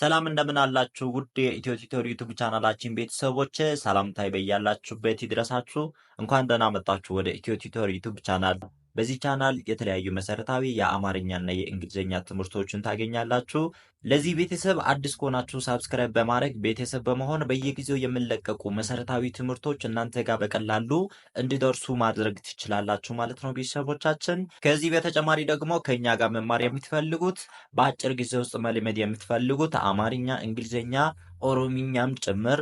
ሰላም እንደምን አላችሁ? ውድ የኢትዮ ቲቶር ዩቱብ ቻናላችን ቤተሰቦች ሰላምታ በያላችሁበት ይድረሳችሁ። እንኳን ደህና መጣችሁ ወደ ኢትዮ ቲቶር ዩቱብ ቻናል። በዚህ ቻናል የተለያዩ መሰረታዊ የአማርኛና የእንግሊዝኛ ትምህርቶችን ታገኛላችሁ። ለዚህ ቤተሰብ አዲስ ከሆናችሁ ሳብስክራይብ በማድረግ ቤተሰብ በመሆን በየጊዜው የምንለቀቁ መሰረታዊ ትምህርቶች እናንተ ጋር በቀላሉ እንዲደርሱ ማድረግ ትችላላችሁ ማለት ነው ቤተሰቦቻችን። ከዚህ በተጨማሪ ደግሞ ከኛ ጋር መማር የምትፈልጉት በአጭር ጊዜ ውስጥ መልመድ የምትፈልጉት አማርኛ፣ እንግሊዝኛ ኦሮሚኛም ጭምር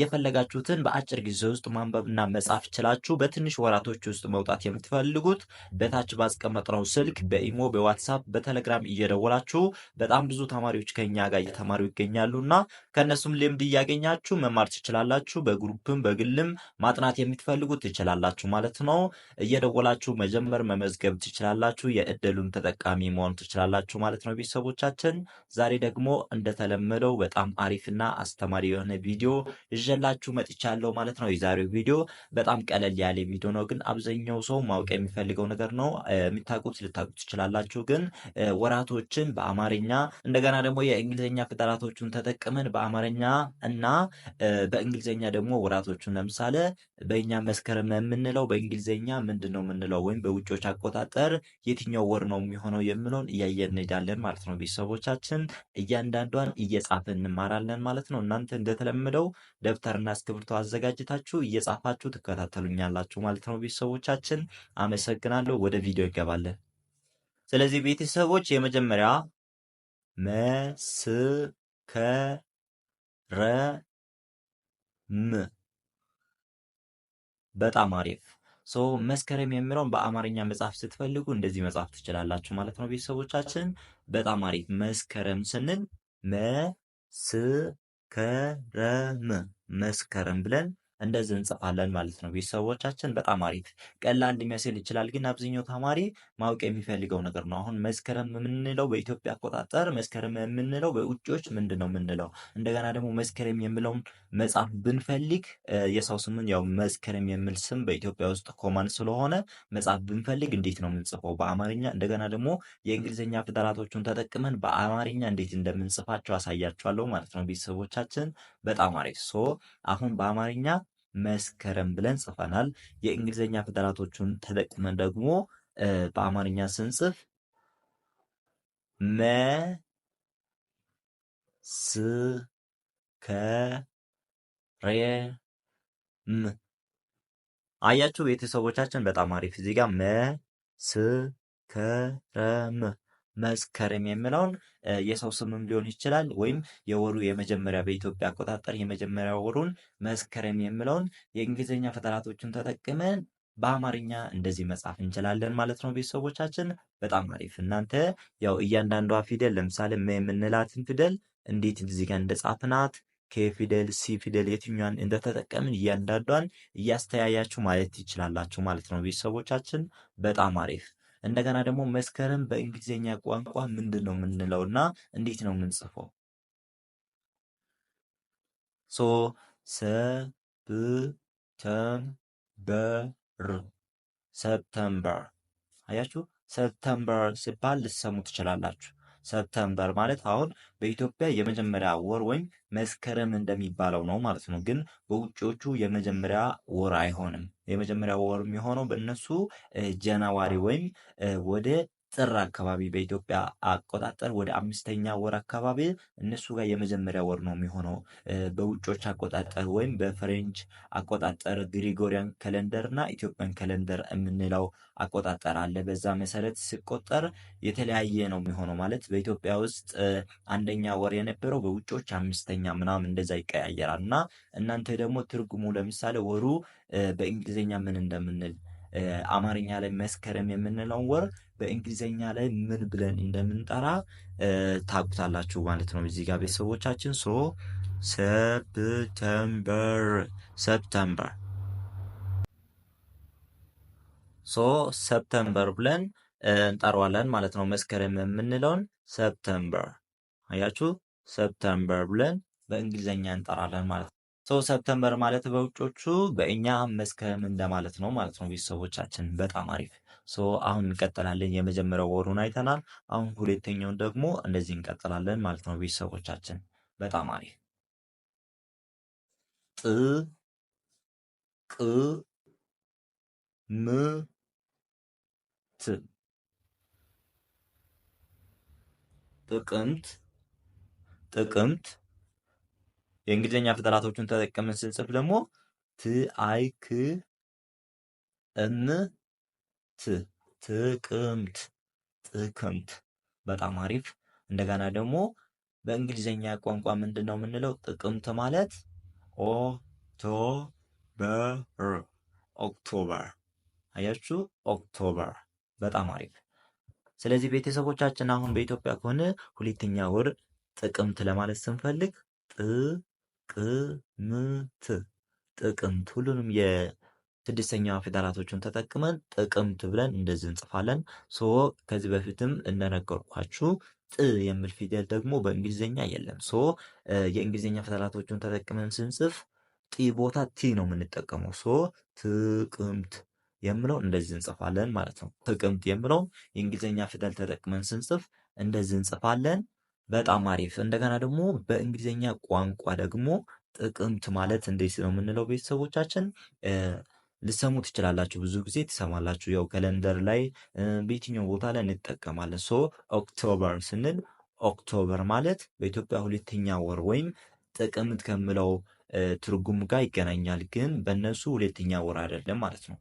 የፈለጋችሁትን በአጭር ጊዜ ውስጥ ማንበብና መጻፍ ችላችሁ በትንሽ ወራቶች ውስጥ መውጣት የምትፈልጉት በታች ባስቀመጥነው ስልክ በኢሞ፣ በዋትሳፕ፣ በቴሌግራም እየደወላችሁ በጣም ብዙ ተማሪ ተማሪዎች ከኛ ጋር እየተማሩ ይገኛሉ እና ከእነሱም ልምድ እያገኛችሁ መማር ትችላላችሁ። በግሩፕም በግልም ማጥናት የምትፈልጉት ትችላላችሁ ማለት ነው። እየደወላችሁ መጀመር መመዝገብ ትችላላችሁ። የእድሉን ተጠቃሚ መሆን ትችላላችሁ ማለት ነው። ቤተሰቦቻችን ዛሬ ደግሞ እንደተለመደው በጣም አሪፍና አስተማሪ የሆነ ቪዲዮ ይዤላችሁ መጥቻለሁ ማለት ነው። የዛሬው ቪዲዮ በጣም ቀለል ያለ ቪዲዮ ነው፣ ግን አብዛኛው ሰው ማወቅ የሚፈልገው ነገር ነው። የሚታቁት ልታቁት ትችላላችሁ፣ ግን ወራቶችን በአማርኛ እንደገና ደግሞ የእንግሊዝኛ ፍጠራቶቹን ተጠቅመን በአማርኛ እና በእንግሊዝኛ ደግሞ ወራቶቹን ለምሳሌ በእኛ መስከረም የምንለው በእንግሊዝኛ ምንድን ነው የምንለው ወይም በውጮች አቆጣጠር የትኛው ወር ነው የሚሆነው የምለውን እያየን እንሄዳለን ማለት ነው። ቤተሰቦቻችን እያንዳንዷን እየጻፍን እንማራለን ማለት ነው። እናንተ እንደተለመደው ደብተርና እስክሪብቶ አዘጋጅታችሁ እየጻፋችሁ ትከታተሉኛላችሁ ማለት ነው። ቤተሰቦቻችን አመሰግናለሁ። ወደ ቪዲዮ ይገባለን። ስለዚህ ቤተሰቦች የመጀመሪያ መስከረም በጣም አሪፍ። ሶ መስከረም የሚለውን በአማርኛ መጽሐፍ ስትፈልጉ እንደዚህ መጽሐፍ ትችላላችሁ ማለት ነው ቤተሰቦቻችን። በጣም አሪፍ። መስከረም ስንል መስከረም መስከረም ብለን እንደዚህ እንጽፋለን ማለት ነው። ቤተሰቦቻችን በጣም አሪፍ ቀላል ሊመስል ይችላል፣ ግን አብዛኛው ተማሪ ማወቅ የሚፈልገው ነገር ነው። አሁን መስከረም የምንለው በኢትዮጵያ አቆጣጠር መስከረም የምንለው በውጭዎች ምንድን ነው የምንለው? እንደገና ደግሞ መስከረም የምለውን መጻፍ ብንፈልግ የሰው ስምን ያው መስከረም የሚል ስም በኢትዮጵያ ውስጥ ኮማን ስለሆነ መጻፍ ብንፈልግ እንዴት ነው የምንጽፈው በአማርኛ? እንደገና ደግሞ የእንግሊዝኛ ፊደላቶቹን ተጠቅመን በአማርኛ እንዴት እንደምንጽፋቸው አሳያቸዋለሁ ማለት ነው ቤተሰቦቻችን በጣም አሪፍ። ሶ አሁን በአማርኛ መስከረም ብለን ጽፈናል። የእንግሊዝኛ ፊደላቶቹን ተጠቅመን ደግሞ በአማርኛ ስንጽፍ መስከረም አያችሁ ቤተሰቦቻችን፣ በጣም አሪፍ እዚህ ጋር መስከረም መስከረም የምለውን የሰው ስምም ሊሆን ይችላል ወይም የወሩ የመጀመሪያ በኢትዮጵያ አቆጣጠር የመጀመሪያ ወሩን መስከረም የምለውን የእንግሊዝኛ ፊደላቶችን ተጠቅመን በአማርኛ እንደዚህ መጻፍ እንችላለን ማለት ነው። ቤተሰቦቻችን በጣም አሪፍ። እናንተ ያው እያንዳንዷ ፊደል ለምሳሌ የምንላትን ፊደል እንዴት እዚህ ጋር እንደጻፍናት ፊደል፣ ሲ ፊደል የትኛን እንደተጠቀምን እያንዳንዷን እያስተያያችሁ ማለት ይችላላችሁ ማለት ነው ቤተሰቦቻችን በጣም አሪፍ እንደገና ደግሞ መስከረም በእንግሊዝኛ ቋንቋ ምንድን ነው የምንለው እና እንዴት ነው የምንጽፈው? ሶ ሰፕተምበር ሰብተምበር። አያችሁ፣ ሰፕተምበር ሲባል ልትሰሙ ትችላላችሁ። ሰፕተምበር ማለት አሁን በኢትዮጵያ የመጀመሪያ ወር ወይም መስከረም እንደሚባለው ነው ማለት ነው። ግን በውጭዎቹ የመጀመሪያ ወር አይሆንም። የመጀመሪያ ወር የሚሆነው በእነሱ ጃንዋሪ ወይም ወደ ጥር አካባቢ በኢትዮጵያ አቆጣጠር ወደ አምስተኛ ወር አካባቢ እነሱ ጋር የመጀመሪያ ወር ነው የሚሆነው። በውጮች አቆጣጠር ወይም በፍሬንች አቆጣጠር ግሪጎሪያን ከለንደር እና ኢትዮጵያን ከለንደር የምንለው አቆጣጠር አለ። በዛ መሰረት ሲቆጠር የተለያየ ነው የሚሆነው ማለት በኢትዮጵያ ውስጥ አንደኛ ወር የነበረው በውጮች አምስተኛ ምናምን እንደዛ ይቀያየራል እና እናንተ ደግሞ ትርጉሙ ለምሳሌ ወሩ በእንግሊዝኛ ምን እንደምንል አማርኛ ላይ መስከረም የምንለውን ወር በእንግሊዝኛ ላይ ምን ብለን እንደምንጠራ ታውቁታላችሁ ማለት ነው። እዚህ ጋር ቤተሰቦቻችን ሶ ሰፕተምበር ሰፕተምበር ሶ ሰፕተምበር ብለን እንጠራዋለን ማለት ነው። መስከረም የምንለውን ሰፕተምበር አያችሁ፣ ሰፕተምበር ብለን በእንግሊዝኛ እንጠራለን ማለት ነው። ሰው ሰብተምበር ማለት በውጮቹ በእኛ መስከረም እንደማለት ነው ማለት ነው። ቤተሰቦቻችን በጣም አሪፍ። አሁን እንቀጥላለን። የመጀመሪያው ወሩን አይተናል። አሁን ሁለተኛውን ደግሞ እንደዚህ እንቀጥላለን ማለት ነው። ቤተሰቦቻችን በጣም አሪፍ። ጥ ቅ ም ት ጥቅምት ጥቅምት የእንግሊዝኛ ፊደላቶቹን ተጠቀምን ስንጽፍ ደግሞ ት አይ ክ እም ት ጥቅምት ጥቅምት። በጣም አሪፍ። እንደገና ደግሞ በእንግሊዝኛ ቋንቋ ምንድን ነው የምንለው? ጥቅምት ማለት ኦቶበር ኦክቶበር። አያችሁ፣ ኦክቶበር። በጣም አሪፍ። ስለዚህ ቤተሰቦቻችን አሁን በኢትዮጵያ ከሆነ ሁለተኛ ወር ጥቅምት ለማለት ስንፈልግ ጥ ጥቅምት ጥቅምት ሁሉንም የስድስተኛ ፊደላቶችን ተጠቅመን ጥቅምት ብለን እንደዚህ እንጽፋለን። ሶ ከዚህ በፊትም እንደነገርኳችሁ ጥ የሚል ፊደል ደግሞ በእንግሊዝኛ የለም። ሶ የእንግሊዝኛ ፊደላቶችን ተጠቅመን ስንጽፍ ጢ ቦታ ቲ ነው የምንጠቀመው። ሶ ጥቅምት የምለው እንደዚህ እንጽፋለን ማለት ነው። ጥቅምት የምለው የእንግሊዝኛ ፊደል ተጠቅመን ስንጽፍ እንደዚህ እንጽፋለን። በጣም አሪፍ። እንደገና ደግሞ በእንግሊዝኛ ቋንቋ ደግሞ ጥቅምት ማለት እንዴት ነው የምንለው? ቤተሰቦቻችን ልሰሙ ትችላላችሁ። ብዙ ጊዜ ትሰማላችሁ። ያው ከለንደር ላይ በየትኛው ቦታ ላይ እንጠቀማለን። ሶ ኦክቶበር ስንል ኦክቶበር ማለት በኢትዮጵያ ሁለተኛ ወር ወይም ጥቅምት ከምለው ትርጉም ጋር ይገናኛል፣ ግን በእነሱ ሁለተኛ ወር አይደለም ማለት ነው።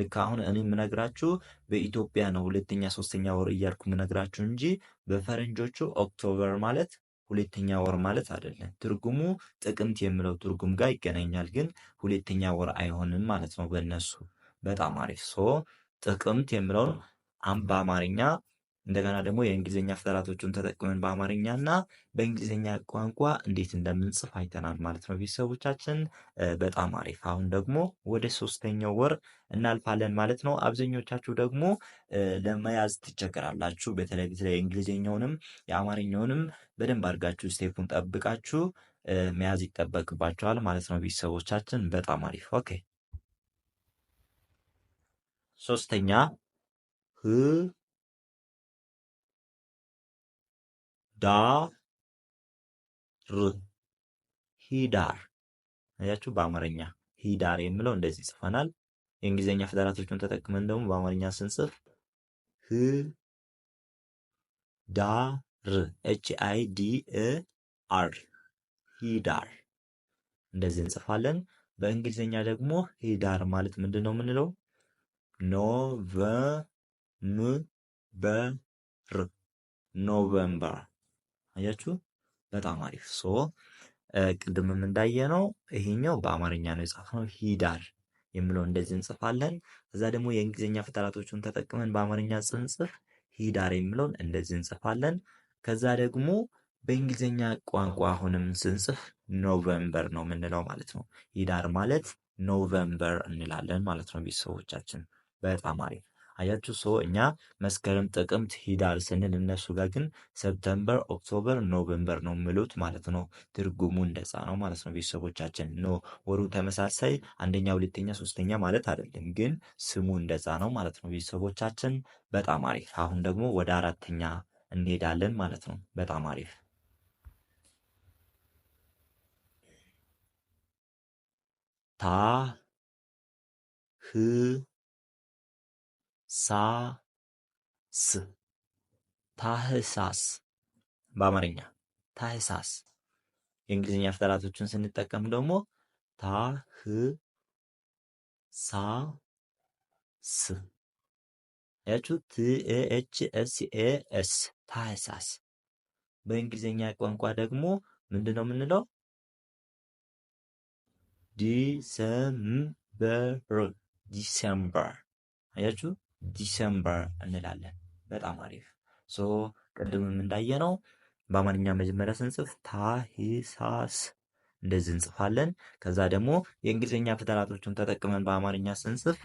ልክ አሁን እኔ የምነግራችሁ በኢትዮጵያ ነው ሁለተኛ ሶስተኛ ወር እያልኩ የምነግራችሁ እንጂ በፈረንጆቹ ኦክቶበር ማለት ሁለተኛ ወር ማለት አይደለም። ትርጉሙ ጥቅምት የሚለው ትርጉም ጋር ይገናኛል፣ ግን ሁለተኛ ወር አይሆንም ማለት ነው በእነሱ። በጣም አሪፍ ሶ ጥቅምት የሚለውን በአማርኛ እንደገና ደግሞ የእንግሊዝኛ ፊደላቶቹን ተጠቅመን በአማርኛ እና በእንግሊዝኛ ቋንቋ እንዴት እንደምንጽፍ አይተናል ማለት ነው ቤተሰቦቻችን። በጣም አሪፍ። አሁን ደግሞ ወደ ሶስተኛው ወር እናልፋለን ማለት ነው። አብዛኞቻችሁ ደግሞ ለመያዝ ትቸገራላችሁ። በተለይ በተለይ የእንግሊዝኛውንም የአማርኛውንም በደንብ አድርጋችሁ ስቴፑን ጠብቃችሁ መያዝ ይጠበቅባችኋል ማለት ነው ቤተሰቦቻችን። በጣም አሪፍ። ኦኬ ሶስተኛ ዳር ሂዳር አያችሁ። በአማርኛ ሂዳር የምለው እንደዚህ ጽፈናል። የእንግሊዝኛ ፊደላቶቹን ተጠቅመን ደግሞ በአማርኛ ስንጽፍ ህ ዳር ኤች አይ ዲ ኤ አር ሂዳር እንደዚህ እንጽፋለን። በእንግሊዝኛ ደግሞ ሂዳር ማለት ምንድን ነው የምንለው? ኖቨምበር ኖቨምበር አያችሁ በጣም አሪፍ ሶ ቅድምም ነው ይሄኛው በአማርኛ ነው የጻፍነው ሂዳር የምለው እንደዚህ እንጽፋለን። እዛ ደግሞ የእንግሊዝኛ ፊደላቶቹን ተጠቅመን በአማርኛ ጽንጽፍ ሂዳር የሚለውን እንደዚህ እንጽፋለን። ከዛ ደግሞ በእንግሊዝኛ ቋንቋ አሁንም ስንጽፍ ኖቨምበር ነው የምንለው ማለት ነው። ሂዳር ማለት ኖቨምበር እንላለን ማለት ነው ቤተሰቦቻችን። በጣም አሪፍ አያችሁ ሰው እኛ መስከረም ጥቅምት ሂዳር ስንል እነሱ ጋር ግን ሰብተምበር ኦክቶበር፣ ኖቬምበር ነው የሚሉት ማለት ነው። ትርጉሙ እንደዛ ነው ማለት ነው። ቤተሰቦቻችን ኖ ወሩ ተመሳሳይ አንደኛ፣ ሁለተኛ፣ ሶስተኛ ማለት አይደለም፣ ግን ስሙ እንደዛ ነው ማለት ነው። ቤተሰቦቻችን በጣም አሪፍ። አሁን ደግሞ ወደ አራተኛ እንሄዳለን ማለት ነው። በጣም አሪፍ ታ ህ ሳስ ታህሳስ በአማርኛ ታህሳስ። የእንግሊዝኛ ፊደላቶችን ስንጠቀም ደግሞ ታህሳስ ያችሁ ቲኤች ኤስ ኤ ኤስ ታህሳስ። በእንግሊዝኛ ቋንቋ ደግሞ ምንድን ነው የምንለው? ዲሰምበር ዲሰምበር። አያችሁ ዲሰምበር እንላለን። በጣም አሪፍ። ሶ ቅድምም ነው በአማርኛ መጀመሪያ ስንጽፍ ታህሳስ እንደዚህ እንጽፋለን። ከዛ ደግሞ የእንግሊዝኛ ፊደላቶችን ተጠቅመን በአማርኛ ስንጽፍ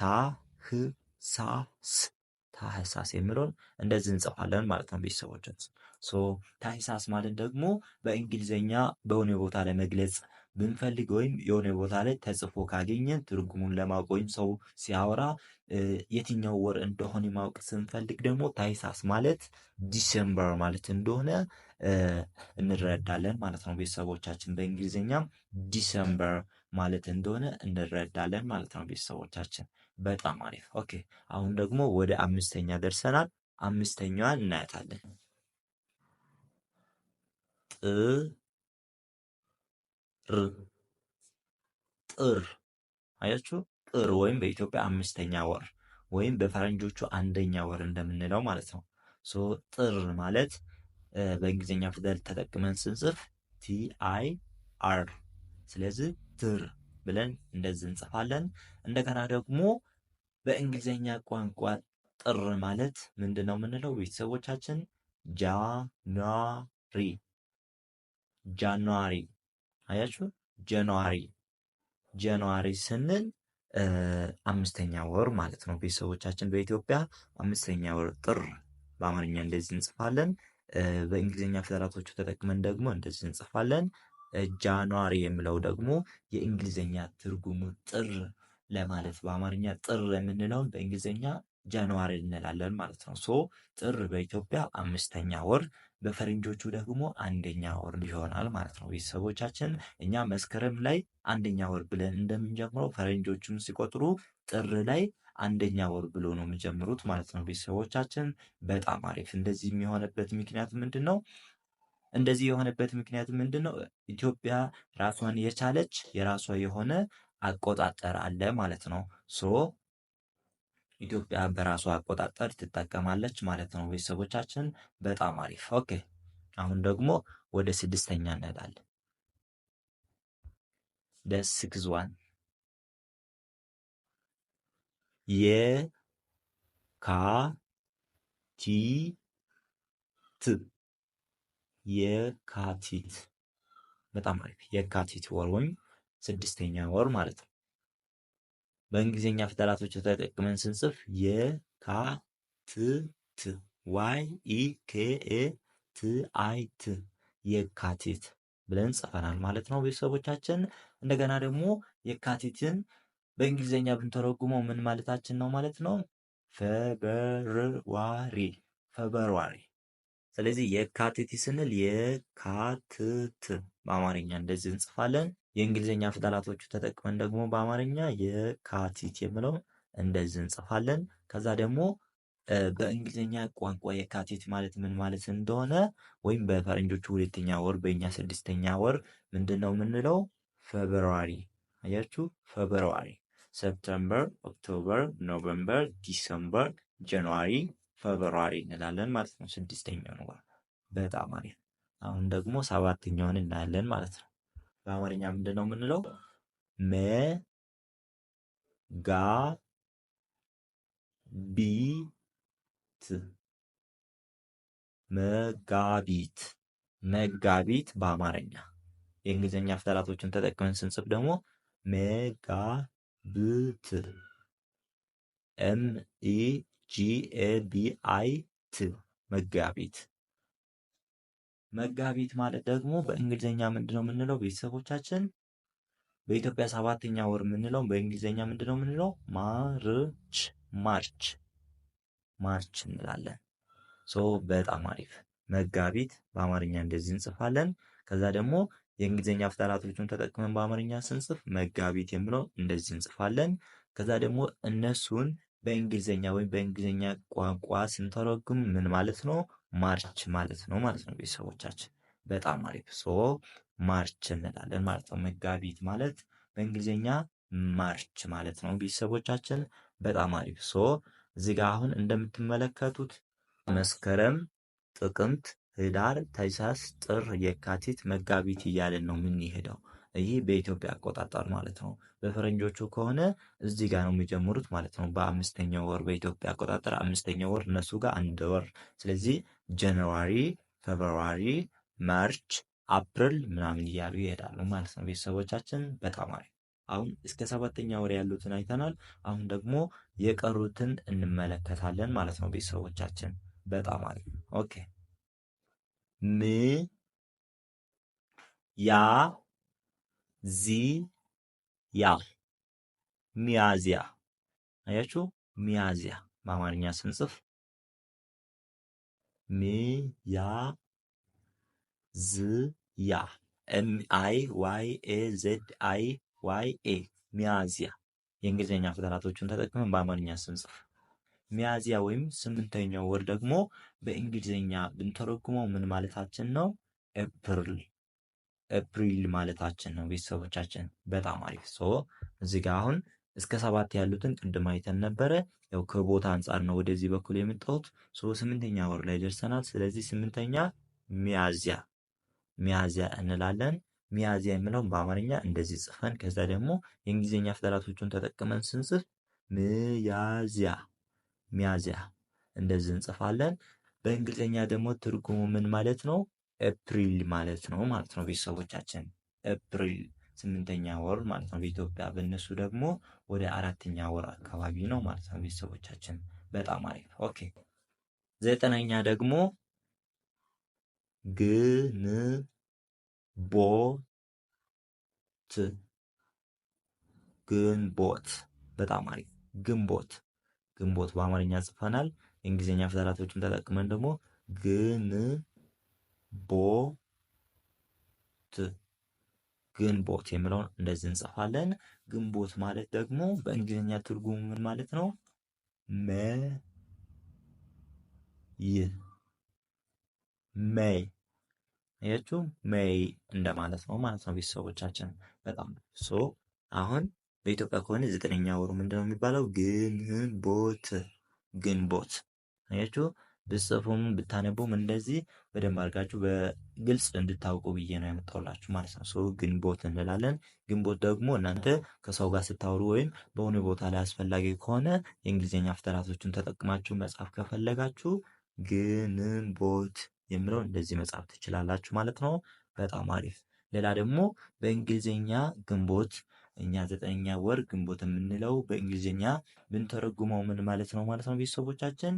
ታህሳስ ታህሳስ የሚለውን እንደዚህ እንጽፋለን ማለት ነው። ቤተሰቦችን ሶ ታህሳስ ማለት ደግሞ በእንግሊዝኛ በሆነ ቦታ ለመግለጽ ብንፈልግ ወይም የሆነ ቦታ ላይ ተጽፎ ካገኘን ትርጉሙን ለማወቅ ወይም ሰው ሲያወራ የትኛው ወር እንደሆነ ማወቅ ስንፈልግ ደግሞ ታይሳስ ማለት ዲሴምበር ማለት እንደሆነ እንረዳለን ማለት ነው። ቤተሰቦቻችን በእንግሊዝኛም ዲሴምበር ማለት እንደሆነ እንረዳለን ማለት ነው። ቤተሰቦቻችን በጣም አሪፍ። ኦኬ አሁን ደግሞ ወደ አምስተኛ ደርሰናል። አምስተኛዋን እናያታለን። ር ጥር አያችሁ ጥር ወይም በኢትዮጵያ አምስተኛ ወር ወይም በፈረንጆቹ አንደኛ ወር እንደምንለው ማለት ነው። ሶ ጥር ማለት በእንግሊዝኛ ፊደል ተጠቅመን ስንጽፍ ቲ አይ አር ስለዚህ ትር ብለን እንደዚህ እንጽፋለን። እንደገና ደግሞ በእንግሊዝኛ ቋንቋ ጥር ማለት ምንድን ነው የምንለው ቤተሰቦቻችን? ጃንዋሪ ጃንዋሪ አያችሁ ጀንዋሪ ጀንዋሪ ስንል አምስተኛ ወር ማለት ነው። ቤተሰቦቻችን በኢትዮጵያ አምስተኛ ወር ጥር በአማርኛ እንደዚህ እንጽፋለን። በእንግሊዝኛ ፊደላቶቹ ተጠቅመን ደግሞ እንደዚህ እንጽፋለን። ጃንዋሪ የሚለው ደግሞ የእንግሊዝኛ ትርጉሙ ጥር ለማለት በአማርኛ ጥር የምንለውን በእንግሊዝኛ ጃንዋሪ እንላለን ማለት ነው። ሶ ጥር በኢትዮጵያ አምስተኛ ወር በፈረንጆቹ ደግሞ አንደኛ ወር ይሆናል ማለት ነው። ቤተሰቦቻችን እኛ መስከረም ላይ አንደኛ ወር ብለን እንደምንጀምረው ፈረንጆቹን ሲቆጥሩ ጥር ላይ አንደኛ ወር ብሎ ነው የሚጀምሩት ማለት ነው። ቤተሰቦቻችን በጣም አሪፍ። እንደዚህ የሚሆነበት ምክንያት ምንድን ነው? እንደዚህ የሆነበት ምክንያት ምንድን ነው? ኢትዮጵያ ራሷን የቻለች የራሷ የሆነ አቆጣጠር አለ ማለት ነው ሶ ኢትዮጵያ በራሷ አቆጣጠር ትጠቀማለች ማለት ነው። ቤተሰቦቻችን በጣም አሪፍ። ኦኬ አሁን ደግሞ ወደ ስድስተኛ እንሄዳለን። ደስክስ ዋን የካቲት የካቲት በጣም አሪፍ የካቲት ወር ወይም ስድስተኛ ወር ማለት ነው። በእንግሊዝኛ ፊደላቶች ተጠቅመን ስንጽፍ የካትት ዋይ ኢ ኬ ኤ ት አይ ት የካቲት ብለን ጽፈናል ማለት ነው። ቤተሰቦቻችን እንደገና ደግሞ የካቲትን በእንግሊዝኛ ብንተረጉመው ምን ማለታችን ነው ማለት ነው? ፌበርዋሪ ፌበርዋሪ። ስለዚህ የካቲት ስንል የካትት በአማርኛ እንደዚህ እንጽፋለን። የእንግሊዝኛ ፊደላቶቹ ተጠቅመን ደግሞ በአማርኛ የካቲት የምለው እንደዚህ እንጽፋለን። ከዛ ደግሞ በእንግሊዝኛ ቋንቋ የካቲት ማለት ምን ማለት እንደሆነ ወይም በፈረንጆቹ ሁለተኛ ወር በእኛ ስድስተኛ ወር ምንድን ነው የምንለው? ፌብርዋሪ አያችሁ፣ ፌብርዋሪ፣ ሰፕተምበር፣ ኦክቶበር፣ ኖቨምበር፣ ዲሰምበር፣ ጃንዋሪ፣ ፌብርዋሪ እንላለን ማለት ነው። ስድስተኛው ነው። በጣም አሪፍ። አሁን ደግሞ ሰባተኛውን እናያለን ማለት ነው። በአማርኛ ምንድን ነው የምንለው? ቢት መጋቢት መጋቢት በአማርኛ የእንግሊዝኛ ፊደላቶችን ተጠቅመን ስንጽፍ ደግሞ መጋብት ኤም ኢ ጂ ኤ ቢ አይ ት መጋቢት መጋቢት ማለት ደግሞ በእንግሊዝኛ ምንድነው የምንለው? ቤተሰቦቻችን በኢትዮጵያ ሰባተኛ ወር የምንለው በእንግሊዝኛ ምንድነው የምንለው? ማርች ማርች ማርች እንላለን። ሶ በጣም አሪፍ። መጋቢት በአማርኛ እንደዚህ እንጽፋለን። ከዛ ደግሞ የእንግሊዝኛ ፍጠራቶቹን ተጠቅመን በአማርኛ ስንጽፍ መጋቢት የምለው እንደዚህ እንጽፋለን። ከዛ ደግሞ እነሱን በእንግሊዝኛ ወይም በእንግሊዝኛ ቋንቋ ስንተረጉም ምን ማለት ነው? ማርች ማለት ነው ማለት ነው ቤተሰቦቻችን። በጣም አሪፍ ሶ ማርች እንላለን ማለት ነው። መጋቢት ማለት በእንግሊዝኛ ማርች ማለት ነው ቤተሰቦቻችን። በጣም አሪፍ ሶ እዚህ አሁን እንደምትመለከቱት መስከረም፣ ጥቅምት፣ ህዳር፣ ተሳስ ጥር፣ የካቲት፣ መጋቢት እያለን ነው የምንሄደው ይህ በኢትዮጵያ አቆጣጠር ማለት ነው። በፈረንጆቹ ከሆነ እዚህ ጋር ነው የሚጀምሩት ማለት ነው። በአምስተኛው ወር በኢትዮጵያ አቆጣጠር አምስተኛው ወር እነሱ ጋር አንድ ወር። ስለዚህ ጀንዋሪ፣ ፌብርዋሪ፣ ማርች፣ አፕሪል ምናምን እያሉ ይሄዳሉ ማለት ነው። ቤተሰቦቻችን በጣም አሪፍ። አሁን እስከ ሰባተኛ ወር ያሉትን አይተናል። አሁን ደግሞ የቀሩትን እንመለከታለን ማለት ነው። ቤተሰቦቻችን በጣም አሪፍ። ኦኬ ም ያ ዚ ያ ሚያዚያ አያችሁ፣ ሚያዚያ በአማርኛ ስንጽፍ ያ ዝ ያ ኤም አይ ዋይ ኤ ዜድ አይ ዋይ ኤ ሚያዚያ። የእንግሊዝኛ ፊደላቶቹን ተጠቅመን በአማርኛ ስንጽፍ ሚያዚያ ወይም ስምንተኛው ወር ደግሞ በእንግሊዝኛ ብንተረጉመው ምን ማለታችን ነው? ኤፕሪል ኤፕሪል ማለታችን ነው ቤተሰቦቻችን። በጣም አሪፍ ሶ እዚህ ጋር አሁን እስከ ሰባት ያሉትን ቅድም አይተን ነበረ። ያው ከቦታ አንጻር ነው ወደዚህ በኩል የመጣሁት። ሶ ስምንተኛ ወር ላይ ደርሰናል። ስለዚህ ስምንተኛ ሚያዚያ ሚያዚያ እንላለን። ሚያዚያ የምለውን በአማርኛ እንደዚህ ጽፈን ከዛ ደግሞ የእንግሊዝኛ ፊደላቶቹን ተጠቅመን ስንጽፍ ሚያዚያ ሚያዚያ እንደዚህ እንጽፋለን። በእንግሊዝኛ ደግሞ ትርጉሙ ምን ማለት ነው? ኤፕሪል ማለት ነው ማለት ነው ቤተሰቦቻችን ኤፕሪል ስምንተኛ ወር ማለት ነው በኢትዮጵያ በእነሱ ደግሞ ወደ አራተኛ ወር አካባቢ ነው ማለት ነው ቤተሰቦቻችን በጣም አሪፍ ኦኬ ዘጠነኛ ደግሞ ግንቦት ግንቦት በጣም አሪፍ ግንቦት ግንቦት በአማርኛ ጽፈናል የእንግሊዝኛ ፊደላቶችን ተጠቅመን ደግሞ ግን ቦት ግንቦት የሚለውን እንደዚህ እንጽፋለን። ግንቦት ማለት ደግሞ በእንግሊዝኛ ትርጉሙ ምን ማለት ነው? መይ መይ አያችሁ? መይ እንደማለት ነው ማለት ነው። ቤተሰቦቻችን በጣም ሶ አሁን በኢትዮጵያ ከሆነ ዘጠነኛ ወሩ ምንድነው የሚባለው? ግንቦት ግንቦት አያችሁ? ብጽፉም ብታነቡም እንደዚህ በደንብ አድርጋችሁ በግልጽ እንድታውቁ ብዬ ነው ያመጣሁላችሁ ማለት ነው። ሰው ግንቦት እንላለን። ግንቦት ደግሞ እናንተ ከሰው ጋር ስታወሩ ወይም በሆነ ቦታ ላይ አስፈላጊ ከሆነ የእንግሊዝኛ ፊደላቶችን ተጠቅማችሁ መጻፍ ከፈለጋችሁ ግንቦት የምለው እንደዚህ መጻፍ ትችላላችሁ ማለት ነው። በጣም አሪፍ። ሌላ ደግሞ በእንግሊዝኛ ግንቦት እኛ ዘጠነኛ ወር ግንቦት የምንለው በእንግሊዝኛ ብንተረጉመው ምን ማለት ነው ማለት ነው ቤተሰቦቻችን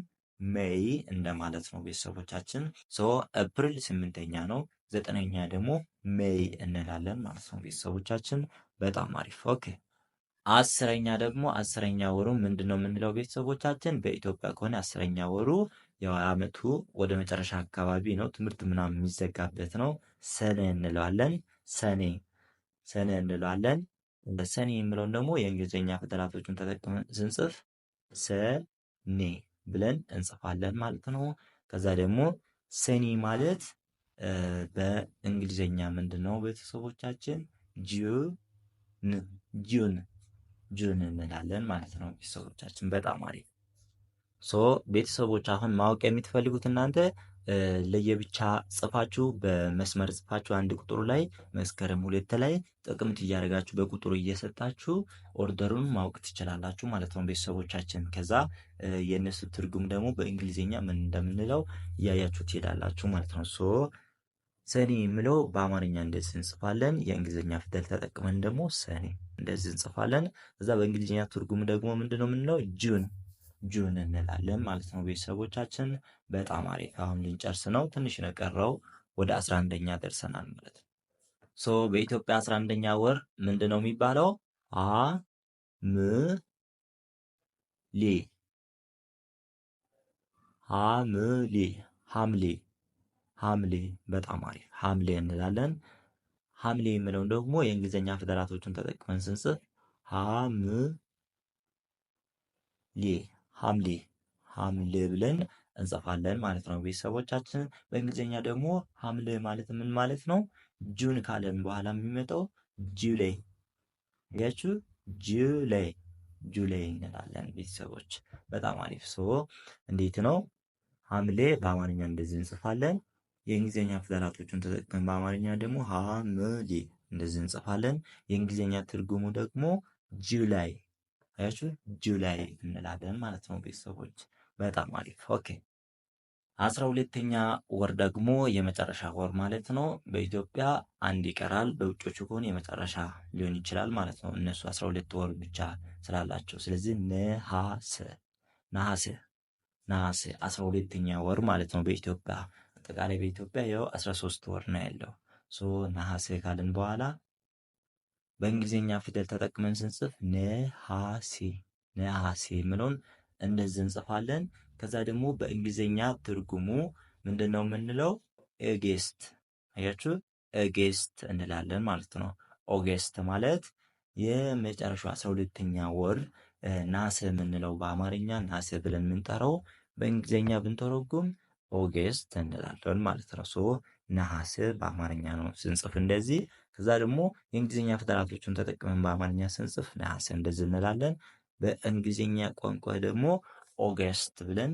ሜይ እንደማለት ነው ቤተሰቦቻችን። ሶ ኤፕሪል ስምንተኛ ነው፣ ዘጠነኛ ደግሞ ሜይ እንላለን ማለት ነው ቤተሰቦቻችን። በጣም አሪፍ ኦኬ። አስረኛ ደግሞ አስረኛ ወሩ ምንድን ነው የምንለው ቤተሰቦቻችን? በኢትዮጵያ ከሆነ አስረኛ ወሩ የአመቱ አመቱ ወደ መጨረሻ አካባቢ ነው፣ ትምህርት ምናምን የሚዘጋበት ነው። ሰኔ እንለዋለን። ሰኔ ሰኔ እንለዋለን። ሰኔ የሚለውን ደግሞ የእንግሊዝኛ ፊደላቶችን ተጠቅመን ስንጽፍ ሰኔ ብለን እንጽፋለን ማለት ነው። ከዛ ደግሞ ሰኒ ማለት በእንግሊዝኛ ምንድን ነው ቤተሰቦቻችን? ጁን ጁን ጁን እንላለን ማለት ነው። ቤተሰቦቻችን በጣም አሪፍ ሶ ቤተሰቦች አሁን ማወቅ የምትፈልጉት እናንተ ለየብቻ ጽፋችሁ በመስመር ጽፋችሁ አንድ ቁጥሩ ላይ መስከረም ሁለት ላይ ጥቅምት እያደረጋችሁ በቁጥሩ እየሰጣችሁ ኦርደሩን ማወቅ ትችላላችሁ ማለት ነው ቤተሰቦቻችን። ከዛ የእነሱ ትርጉም ደግሞ በእንግሊዝኛ ምን እንደምንለው እያያችሁ ትሄዳላችሁ ማለት ነው። ሶ ሰኔ የምለው በአማርኛ እንደዚህ እንጽፋለን። የእንግሊዝኛ ፊደል ተጠቅመን ደግሞ ሰኔ እንደዚህ እንጽፋለን። እዛ በእንግሊዝኛ ትርጉም ደግሞ ምንድነው የምንለው ጁን ጁን እንላለን ማለት ነው። ቤተሰቦቻችን በጣም አሪፍ። አሁን ልንጨርስ ነው፣ ትንሽ ነው የቀረው። ወደ አስራ አንደኛ ደርሰናል ማለት ነው። ሶ በኢትዮጵያ አስራ አንደኛ ወር ምንድን ነው የሚባለው? አ ም ሌ ሐምሌ ሐምሌ ሐምሌ በጣም አሪፍ ሐምሌ እንላለን። ሐምሌ የምለውን ደግሞ የእንግሊዝኛ ፊደላቶችን ተጠቅመን ስንጽፍ ሐምሌ ሀምሌ ሐምል ብለን እንጽፋለን ማለት ነው። ቤተሰቦቻችን በእንግሊዝኛ ደግሞ ሐምል ማለት ምን ማለት ነው? ጁን ካለን በኋላ የሚመጣው ጁላይ ያችሁ ጁላይ ጁላይ እንላለን ቤተሰቦች። በጣም አሪፍ ሶ እንዴት ነው ሐምሌ በአማርኛ እንደዚህ እንጽፋለን። የእንግሊዝኛ ፊደላቶቹን ተጠቅመን በአማርኛ ደግሞ ሐምሌ እንደዚህ እንጽፋለን። የእንግሊዝኛ ትርጉሙ ደግሞ ጁላይ ያችሁ ጁላይ እንላለን ማለት ነው ቤተሰቦች። በጣም አሪፍ ኦኬ። አስራ ሁለተኛ ወር ደግሞ የመጨረሻ ወር ማለት ነው። በኢትዮጵያ አንድ ይቀራል። በውጮቹ ከሆነ የመጨረሻ ሊሆን ይችላል ማለት ነው። እነሱ አስራ ሁለት ወር ብቻ ስላላቸው፣ ስለዚህ ነሐሴ ነሐሴ ነሐሴ አስራ ሁለተኛ ወር ማለት ነው በኢትዮጵያ አጠቃላይ በኢትዮጵያ ያው አስራ ሶስት ወር ነው ያለው። ሶ ነሐሴ ካልን በኋላ በእንግሊዝኛ ፊደል ተጠቅመን ስንጽፍ ነሐሴ ነሐሴ የምለውን እንደዚህ እንጽፋለን። ከዛ ደግሞ በእንግሊዝኛ ትርጉሙ ምንድን ነው የምንለው? ኦጌስት አያችሁ፣ ኦጌስት እንላለን ማለት ነው። ኦጌስት ማለት የመጨረሻው አስራ ሁለተኛ ወር ናሰ የምንለው በአማርኛ ናሰ ብለን የምንጠራው በእንግሊዝኛ ብንተረጉም ኦጌስት እንላለን ማለት ነው። ሶ ነሐሴ በአማርኛ ነው ስንጽፍ እንደዚህ ከዛ ደግሞ የእንግሊዝኛ ፊደላቶቹን ተጠቅመን በአማርኛ ስንጽፍ ነሐሴ እንደዚህ እንላለን። በእንግሊዝኛ ቋንቋ ደግሞ ኦገስት ብለን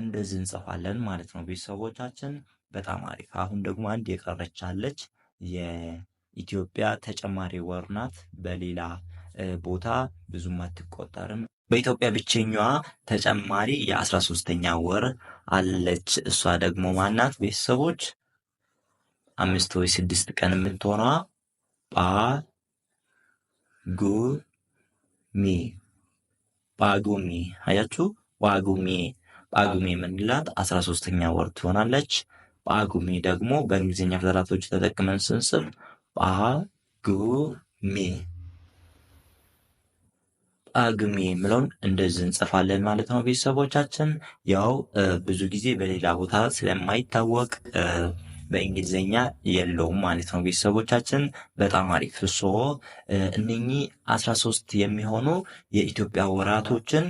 እንደዚህ እንጽፋለን ማለት ነው። ቤተሰቦቻችን በጣም አሪፍ። አሁን ደግሞ አንድ የቀረች አለች። የኢትዮጵያ ተጨማሪ ወር ናት። በሌላ ቦታ ብዙም አትቆጠርም። በኢትዮጵያ ብቸኛዋ ተጨማሪ የአስራ ሶስተኛ ወር አለች። እሷ ደግሞ ማናት? ቤተሰቦች አምስት ወይ ስድስት ቀን የምትሆኗ ጳጉሚ ጳጉሚ አያችሁ፣ ጳጉሜ ጳጉሜ የምንላት አስራ ሶስተኛ ወር ትሆናለች። ጳጉሜ ደግሞ በእንግሊዝኛ ፊደላቶች ተጠቅመን ስንስብ ጳጉሜ ጳጉሜ የምለውን እንደዚህ እንጽፋለን ማለት ነው። ቤተሰቦቻችን ያው ብዙ ጊዜ በሌላ ቦታ ስለማይታወቅ በእንግሊዝኛ የለውም ማለት ነው ቤተሰቦቻችን። በጣም አሪፍ ሶ እነኚህ አስራ ሶስት የሚሆኑ የኢትዮጵያ ወራቶችን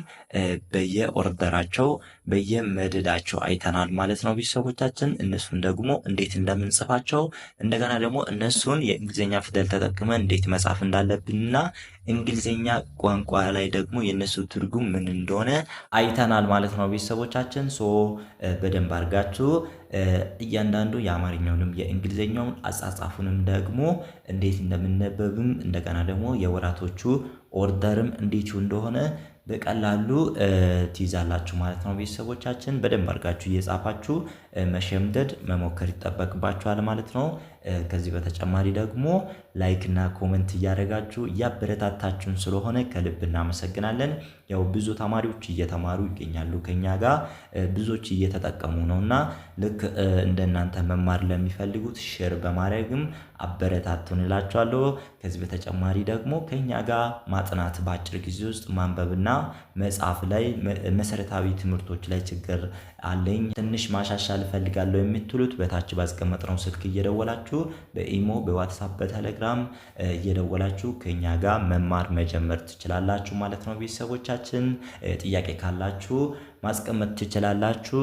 በየኦርደራቸው በየመደዳቸው አይተናል ማለት ነው ቤተሰቦቻችን። እነሱን ደግሞ እንዴት እንደምንጽፋቸው እንደገና ደግሞ እነሱን የእንግሊዝኛ ፊደል ተጠቅመን እንዴት መጻፍ እንዳለብንና እንግሊዝኛ ቋንቋ ላይ ደግሞ የእነሱ ትርጉም ምን እንደሆነ አይተናል ማለት ነው ቤተሰቦቻችን። ሶ በደንብ አድርጋችሁ እያንዳንዱ የአማርኛውንም የእንግሊዝኛውን አጻጻፉንም ደግሞ እንዴት እንደሚነበብም እንደገና ደግሞ የወራቶቹ ኦርደርም እንዴት እንደሆነ በቀላሉ ትይዛላችሁ ማለት ነው። ቤተሰቦቻችን በደንብ አድርጋችሁ እየጻፋችሁ መሸምደድ መሞከር ይጠበቅባችኋል ማለት ነው። ከዚህ በተጨማሪ ደግሞ ላይክ እና ኮመንት እያደረጋችሁ እያበረታታችሁን ስለሆነ ከልብ እናመሰግናለን። ያው ብዙ ተማሪዎች እየተማሩ ይገኛሉ ከኛ ጋር ብዙዎች እየተጠቀሙ ነው እና ልክ እንደናንተ መማር ለሚፈልጉት ሼር በማድረግም አበረታቱን እላችኋለሁ። ከዚህ በተጨማሪ ደግሞ ከኛ ጋር ማጥናት በአጭር ጊዜ ውስጥ ማንበብና መጻፍ ላይ መሰረታዊ ትምህርቶች ላይ ችግር አለኝ፣ ትንሽ ማሻሻል እፈልጋለሁ የምትሉት በታች ባስቀመጥነው ስልክ እየደወላችሁ ከፈለጋችሁ በኢሞ፣ በዋትሳፕ፣ በቴሌግራም እየደወላችሁ ከኛ ጋር መማር መጀመር ትችላላችሁ ማለት ነው። ቤተሰቦቻችን ጥያቄ ካላችሁ ማስቀመጥ ትችላላችሁ።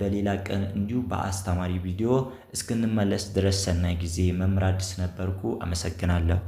በሌላ ቀን እንዲሁ በአስተማሪ ቪዲዮ እስክንመለስ ድረስ ሰናይ ጊዜ። መምህር አዲስ ነበርኩ። አመሰግናለሁ።